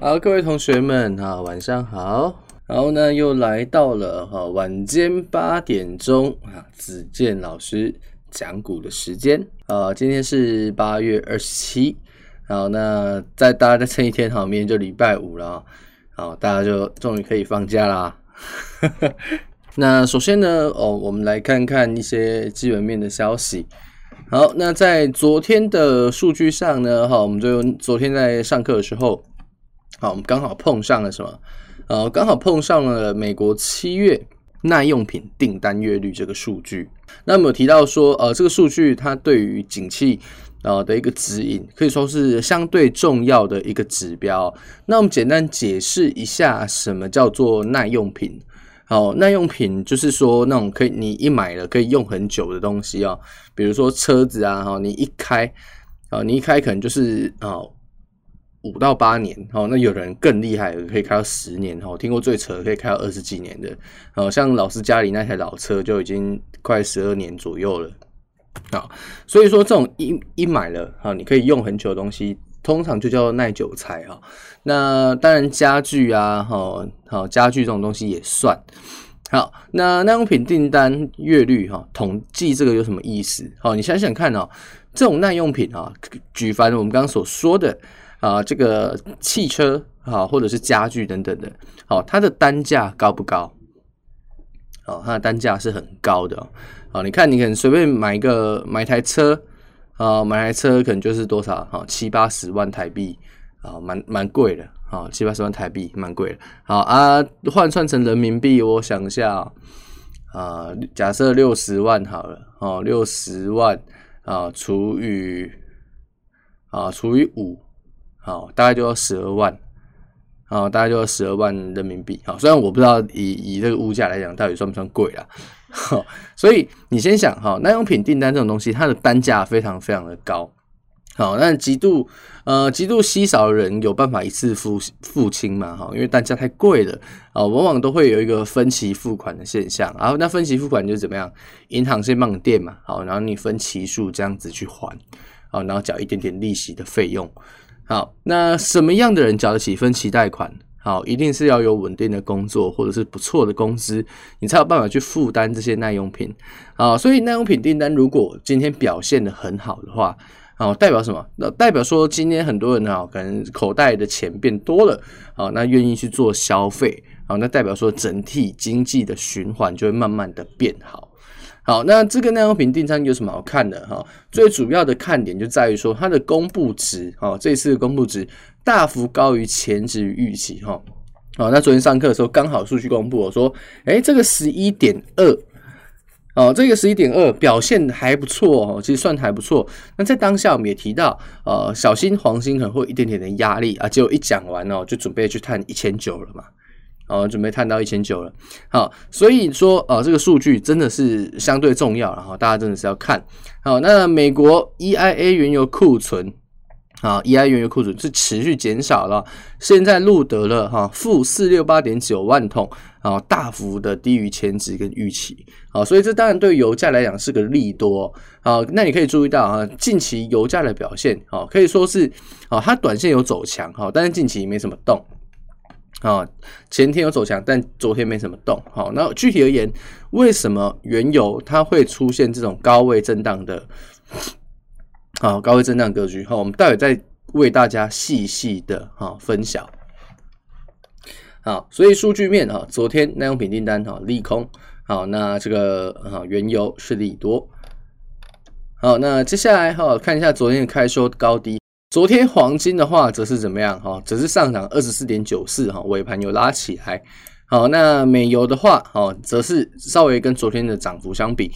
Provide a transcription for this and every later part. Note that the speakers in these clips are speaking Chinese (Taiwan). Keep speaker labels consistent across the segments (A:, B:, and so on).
A: 好，各位同學們，好，晚上好。然後呢，那又來到了哈晚間八點鐘啊，子健老師講股的時間啊。今天是八月二十七，好，那再大家再撐一天，好，明天就禮拜五了，好，大家就終於可以放假啦。 那首先呢，哦，我們來看看一些基本面的消息。好，那在昨天的數據上呢，哈，我們就昨天在上課的時候。好，我們剛好碰上了什麼？呃，剛好碰上了美國七月耐用品訂單月率這個數據。那我們有提到說，呃，這個數據它對於景氣呃的一個指引，可以說是相對重要的一個指標。那我們簡單解釋一下，什麼叫做耐用品？哦、呃，耐用品就是說那種可以你一買了可以用很久的東西啊、呃，比如說車子啊，哈、呃，你一開啊、呃，你一開可能就是啊。呃五到八年，那有人更厲害，可以開到十年，我聽過最扯，可以開到二十幾年的。好像老師家裡那台老車，就已經快十二年左右了啊。所以說，這種一一買了哈，你可以用很久的東西，通常就叫耐久材哈。那當然，家具啊，哈，好家具這種東西也算。好，那耐用品訂單月率哈，統計這個有什麼意思？好，你想想看哦，這種耐用品啊，舉凡我們剛剛所說的。啊，這個汽車啊，或者是家具等等的，好、啊，它的單價高不高？哦、啊，它的單價是很高的。啊，你看，你可能隨便買一個買一台車，啊，買台車可能就是多少？啊，七八十萬台幣，啊，蠻蠻貴的。啊，七八十萬台幣蠻貴的。好啊，換算成人民幣，我想一下，啊，假設六十萬好了，哦、啊，六十萬啊，除以啊，除以五。好，大概就要十二萬，好，大概就要十二萬人民幣，好，雖然我不知道以以這個物價來講，到底算不算貴啦。好，所以你先想哈，耐用品訂單這種東西，它的單價非常非常的高。好，那極度呃極度稀少的人有辦法一次付付清嘛？哈，因為單價太貴了啊，往往都會有一個分期付款的現象。然後那分期付款就是怎麼樣？銀行先放墊嘛，好，然後你分期數這樣子去還，好，然後繳一點點利息的費用。好，那什麼樣的人交得起分期貸款？好，一定是要有穩定的工作或者是不錯的工資，你才有辦法去負擔這些耐用品。好，所以耐用品訂單如果今天表現得很好的話，好，代表什麼？那代表說今天很多人啊，可能口袋的錢變多了，好，那願意去做消費，好，那代表說整體經濟的循環就會慢慢的變好。好，那這個耐用品訂單有什麼好看的哈？最主要的看點就在於說它的公布值啊，這一次的公布值大幅高於前值預期哈。好，那昨天上課的時候剛好數據公布，我說，哎、欸，這個十一點二，哦，這個十一點二表現還不錯哦，其實算還不錯。那在當下我們也提到，呃，小心黃金可能會有一點點的壓力啊。結果一講完哦，就準備去探一千九了嘛。哦，準備探到一千九了。好，所以說，呃、啊，這個數據真的是相對重要了，然後大家真的是要看。好，那美國 E I A 原油庫存，啊，E I A 原油庫存是持續減少了，現在錄得了哈負四六八點九萬桶，啊，大幅的低於前值跟預期。啊，所以這當然對油價來講是個利多。啊，那你可以注意到啊，近期油價的表現，啊，可以說是，哦、啊，它短線有走強，哈，但是近期沒什麼動。啊，前天有走強，但昨天沒什麼動。好，那具體而言，為什麼原油它會出現這種高位震盪的？好，高位震盪格局。好，我們待會再為大家細細的哈分享。好，所以數據面啊，昨天耐用品訂單哈利空。好，那這個啊原油是利多。好，那接下來哈看一下昨天的開收高低。昨天黃金的話，則是怎麼樣？哈，則是上漲二十四點九四，哈尾盤又拉起來。好，那美油的話，哈，則是稍微跟昨天的漲幅相比，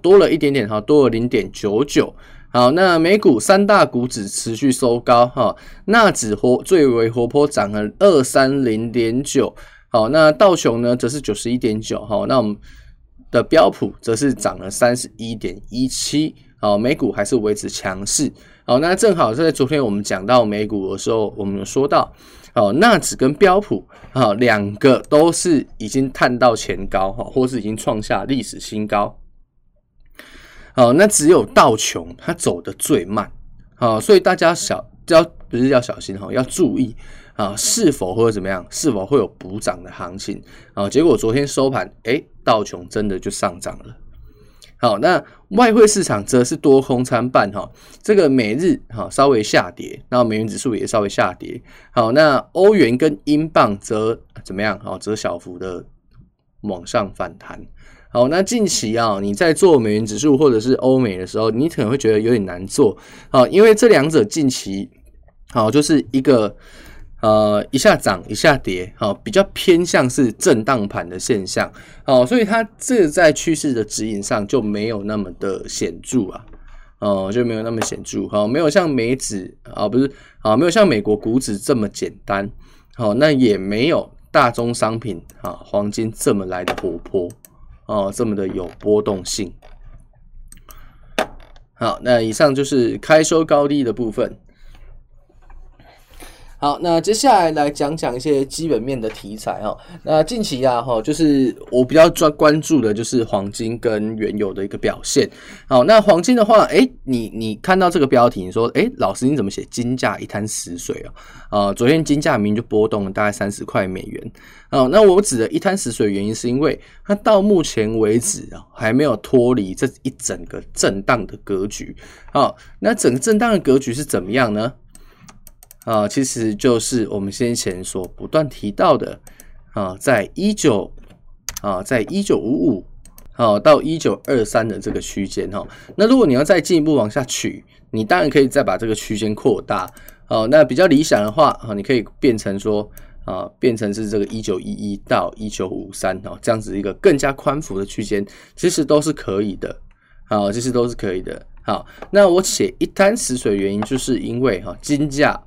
A: 多了一點點，哈，多了零點九九。好，那美股三大股指持續收高，哈，納指活最為活潑，漲了二三零點九。好，那道瓊呢，則是九十一點九。好，那我們的標普則是漲了三十一點一七。好，美股還是維持強勢。好、哦，那正好在昨天我們講到美股的時候，我們有說到，哦，納指跟標普哈、哦、兩個都是已經探到前高哈、哦，或是已經創下歷史新高。好、哦，那只有道瓊它走的最慢，好、哦，所以大家要小要不是要小心哈、哦，要注意啊、哦，是否或者怎麼樣，是否會有補漲的行情啊、哦？結果昨天收盤，哎，道瓊真的就上漲了。好，那外匯市場則是多空參半哈。這個美日哈稍微下跌，那美元指數也稍微下跌。好，那歐元跟英鎊則怎麼樣？好，則小幅的往上反彈。好，那近期啊，你在做美元指數或者是歐美的時候，你可能會覺得有點難做。好，因為這兩者近期好就是一個。呃，一下漲一下跌，好、哦，比較偏向是震盪盤的現象，哦，所以它這在趨勢的指引上就沒有那麼的顯著啊，哦，就沒有那麼顯著，哈、哦，沒有像美指啊、哦，不是，啊、哦，沒有像美國股指這麼簡單，好、哦，那也沒有大宗商品啊、哦，黃金這麼來的活潑，哦，這麼的有波動性，好，那以上就是開收高低的部分。好，那接下來來講講一些基本面的題材哦，那近期啊哈，就是我比較關關注的就是黃金跟原油的一個表現。好，那黃金的話，哎、欸，你你看到這個標題，你說，哎、欸，老師你怎麼寫金價一灘死水啊？呃，昨天金價明就波動了大概三十塊美元。哦，那我指的一灘死水原因是因為它到目前為止啊，還沒有脫離這一整個震盪的格局。好，那整個震盪的格局是怎麼樣呢？啊，其實就是我們先前所不斷提到的，啊，在一九啊，在一九五五啊到一九二三的這個區間哈，那如果你要再進一步往下取，你當然可以再把這個區間擴大，好，啊，那比較理想的話啊，你可以變成說啊，變成是這個一九一一到一九五三哦，這樣子一個更加寬幅的區間，其實都是可以的，好，啊，其實都是可以的，好，啊，那我寫一潭死水的原因，就是因為哈，啊，金價。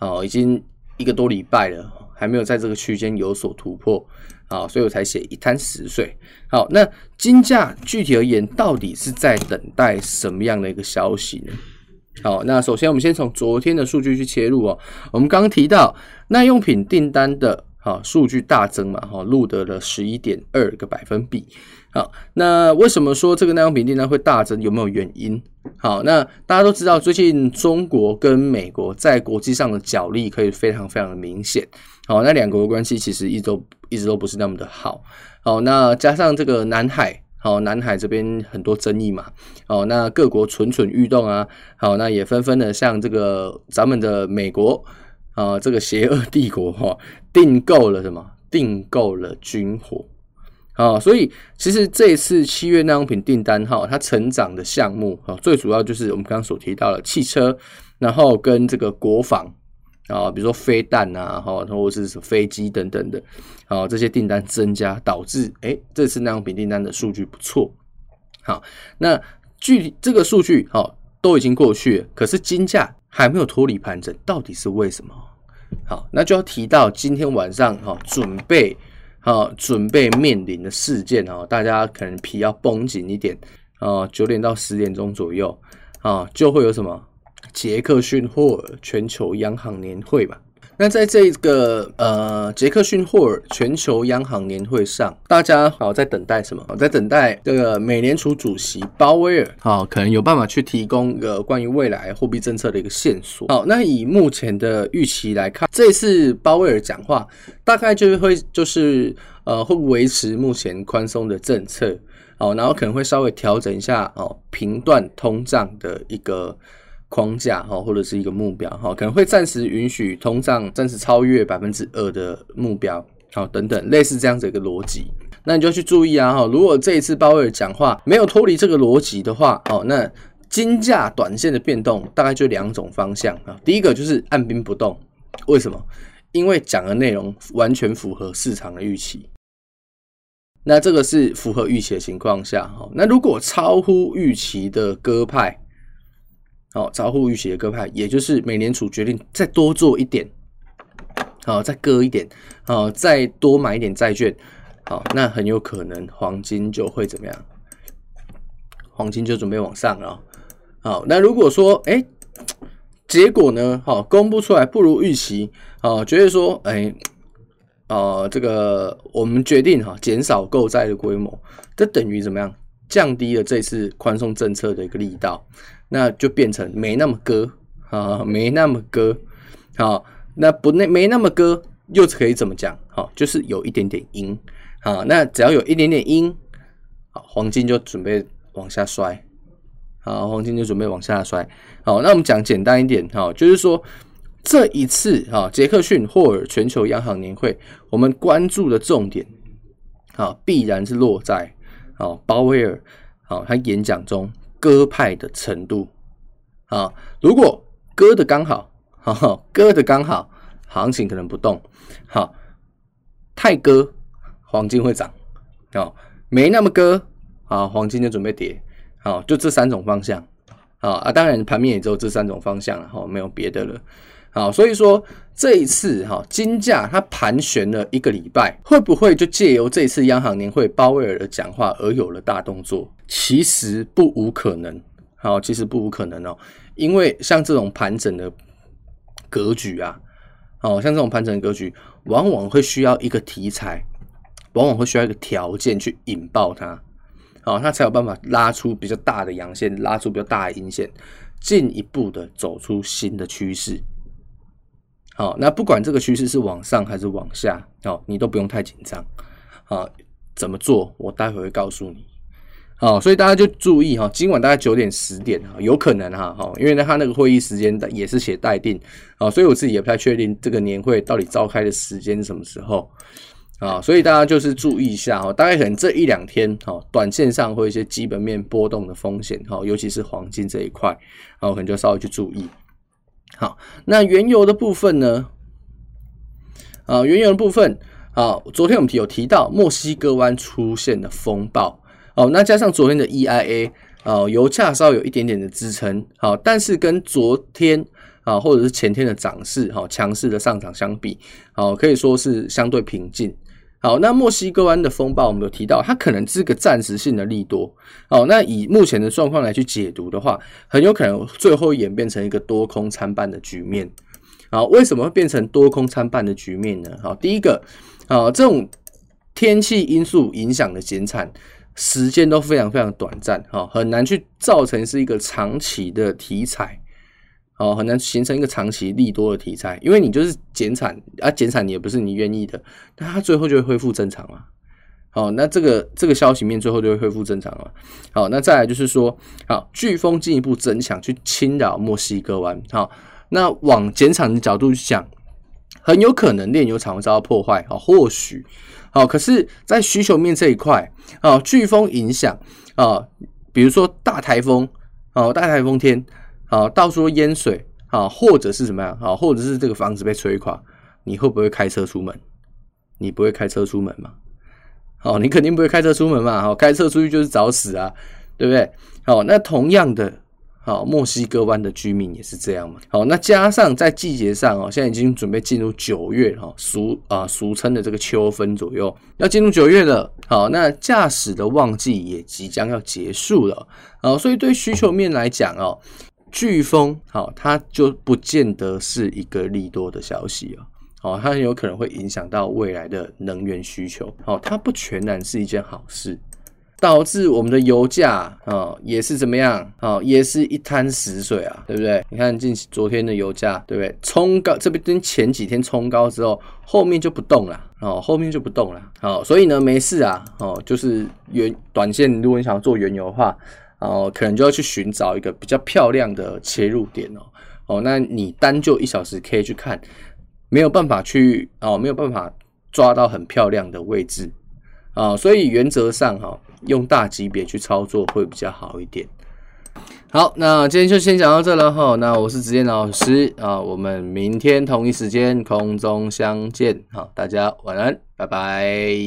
A: 哦，已經一個多禮拜了，還沒有在這個區間有所突破，好、哦，所以我才寫一灘死水。好，那金價具體而言，到底是在等待什麼樣的一個消息呢？好，那首先我們先從昨天的數據去切入哦。我們剛剛提到耐用品訂單的哈、哦、數據大增嘛，哈、哦、錄得了十一點二個百分比。好，那為什麼說這個耐用品訂單會大增？有沒有原因？好，那大家都知道，最近中國跟美國在國際上的角力可以非常非常的明顯。好，那兩國的關係其實一直都一直都不是那麼的好。好，那加上這個南海，好，南海這邊很多爭議嘛。好，那各國蠢蠢欲動啊。好，那也紛紛的向這個咱們的美國啊，這個邪惡帝國哈，訂購了什麼？訂購了軍火。好，所以其實這一次七月耐用品訂單哈，它成長的項目哈，最主要就是我們剛剛所提到的汽車，然後跟這個國防啊，比如說飛彈啊，哈，或者是什麼飛機等等的，好，這些訂單增加導致，哎，這次耐用品訂單的數據不錯。好，那具體這個數據哈，都已經過去了，可是金價還沒有脫離盤整，到底是為什麼？好，那就要提到今天晚上哈，準備。好，準備面臨的事件哦，大家可能皮要繃緊一點啊，九點到十點鐘左右啊，就會有什麼傑克遜霍爾全球央行年會吧。那在這個呃傑克遜霍爾全球央行年會上，大家好，在等待什麼？好，在等待這個美聯儲主席鮑威爾，好，可能有辦法去提供一個關於未來貨幣政策的一個線索。好，那以目前的預期來看，這次鮑威爾講話大概就會就是呃，會不會維持目前寬鬆的政策，好，然後可能會稍微調整一下哦，平斷通脹的一個。框架哈，或者是一個目標哈，可能會暫時允許通脹暫時超越百分之二的目標，好，等等類似這樣子一個邏輯，那你就要去注意啊哈。如果這一次鮑威爾講話沒有脫離這個邏輯的話，哦，那金價短線的變動大概就兩種方向啊。第一個就是按兵不動，為什麼？因為講的內容完全符合市場的預期。那這個是符合預期的情況下，哈。那如果超乎預期的鴿派。好、哦，超乎預期的鴿派，也就是美聯儲決定再多做一點，好、哦，再鴿一點，好、哦，再多買一點債券，好、哦，那很有可能黃金就會怎麼樣？黃金就準備往上了、哦。好、哦，那如果說，哎、欸，結果呢？好、哦，公布出來不如預期，好、哦，覺得說，哎、欸，啊、呃，這個我們決定哈，減、哦、少購債的規模，這等於怎麼樣？降低了這次寬鬆政策的一個力道。那就變成沒那麼鴿啊，沒那麼鴿，好，那不那沒那麼鴿，又可以怎麼講？好，就是有一點點鷹。啊，那只要有一點點鷹，黃金就準備往下摔，好，黃金就準備往下摔，好，那我們講簡單一點，好，就是說這一次啊，傑克遜霍爾全球央行年會，我們關注的重點，啊，必然是落在啊，鮑威爾，啊，他演講中。割派的程度，啊，哦，如果割的剛好，哈，哦，哈，割的剛好，行情可能不動。哦，太割，黃金會漲。哦，沒那麼割，啊，哦，黃金就準備跌。哦，就這三種方向。啊，哦，啊，當然盤面也只有這三種方向，然後，哦，沒有別的了。好，所以說這一次哈、哦，金價它盤旋了一個禮拜，會不會就借由這次央行年會鮑威爾的講話而有了大動作？其實不無可能。好，其實不無可能哦，因為像這種盤整的格局啊，哦，像這種盤整的格局，往往會需要一個題材，往往會需要一個條件去引爆它，好，它才有辦法拉出比較大的陽線，拉出比較大的陰線，進一步的走出新的趨勢。好，那不管這個趨勢是往上還是往下，哦，你都不用太緊張。好，怎麼做？我待會會告訴你。好，所以大家就注意哈，今晚大概九點十點有可能哈，哈，因為呢，他那個會議時間也是寫待定，啊，所以我自己也不太確定這個年會到底召開的時間是什麼時候。啊，所以大家就是注意一下哈，大概可能這一兩天，哈，短線上會有一些基本面波動的風險，哈，尤其是黃金這一塊，啊，可能就稍微去注意。好，那原油的部分呢？啊，原油的部分啊，昨天我們有提到墨西哥灣出現了風暴哦、啊，那加上昨天的 EIA 啊，油價稍微有一點點的支撐，啊，但是跟昨天啊，或者是前天的漲勢哈，啊，強勢的上漲相比，啊，可以說是相對平靜。好，那墨西哥灣的風暴我們有提到，它可能是個暫時性的利多。好，那以目前的狀況來去解讀的話，很有可能最後演變成一個多空參半的局面。好，為什麼會變成多空參半的局面呢？好，第一個，啊，這種天氣因素影響的減產時間都非常非常短暫，哈，很難去造成是一個長期的題材。哦，很難形成一個長期利多的題材，因為你就是減產啊，減產你也不是你願意的，那它最後就會恢復正常了。哦，那這個這個消息面最後就會恢復正常了。好，那再來就是說，好，颶風進一步增強，去侵擾墨西哥灣。好，那往減產的角度去講，很有可能煉油廠會遭到破壞。好，或許，好，可是，在需求面這一塊，啊，颶風影響，啊，比如說大颱風，哦，大颱風天。啊，到處都淹水啊，或者是什麼樣啊，或者是這個房子被摧垮，你會不會開車出門？你不會開車出門嘛？哦，你肯定不會開車出門嘛？哈，開車出去就是找死啊，對不對？好，那同樣的，好，墨西哥灣的居民也是這樣嘛？好，那加上在季節上啊，現在已經準備進入九月哈，俗啊俗稱的這個秋分左右，要進入九月了。好，那駕駛的旺季也即將要結束了。好，所以對需求面來講哦。颶風，好、哦，它就不見得是一個利多的消息好、哦，它很有可能會影響到未來的能源需求，好、哦，它不全然是一件好事，導致我們的油價啊、哦、也是怎麼樣，哦、也是一灘死水啊，對不對？你看進，進昨天的油價，對不對？衝高這邊跟前幾天衝高之後，後面就不動了，哦，後面就不動了，哦、所以呢，沒事啊，哦，就是原短線，如果你想要做原油的話。哦，可能就要去尋找一個比較漂亮的切入點哦。哦，那你單就一小時 K 去看，沒有辦法去哦，沒有辦法抓到很漂亮的位置啊、哦。所以原則上哈、哦，用大級別去操作會比較好一點。好，那今天就先講到這了哈、哦。那我是子健老師啊、哦，我們明天同一時間空中相見好、哦，大家晚安，拜拜。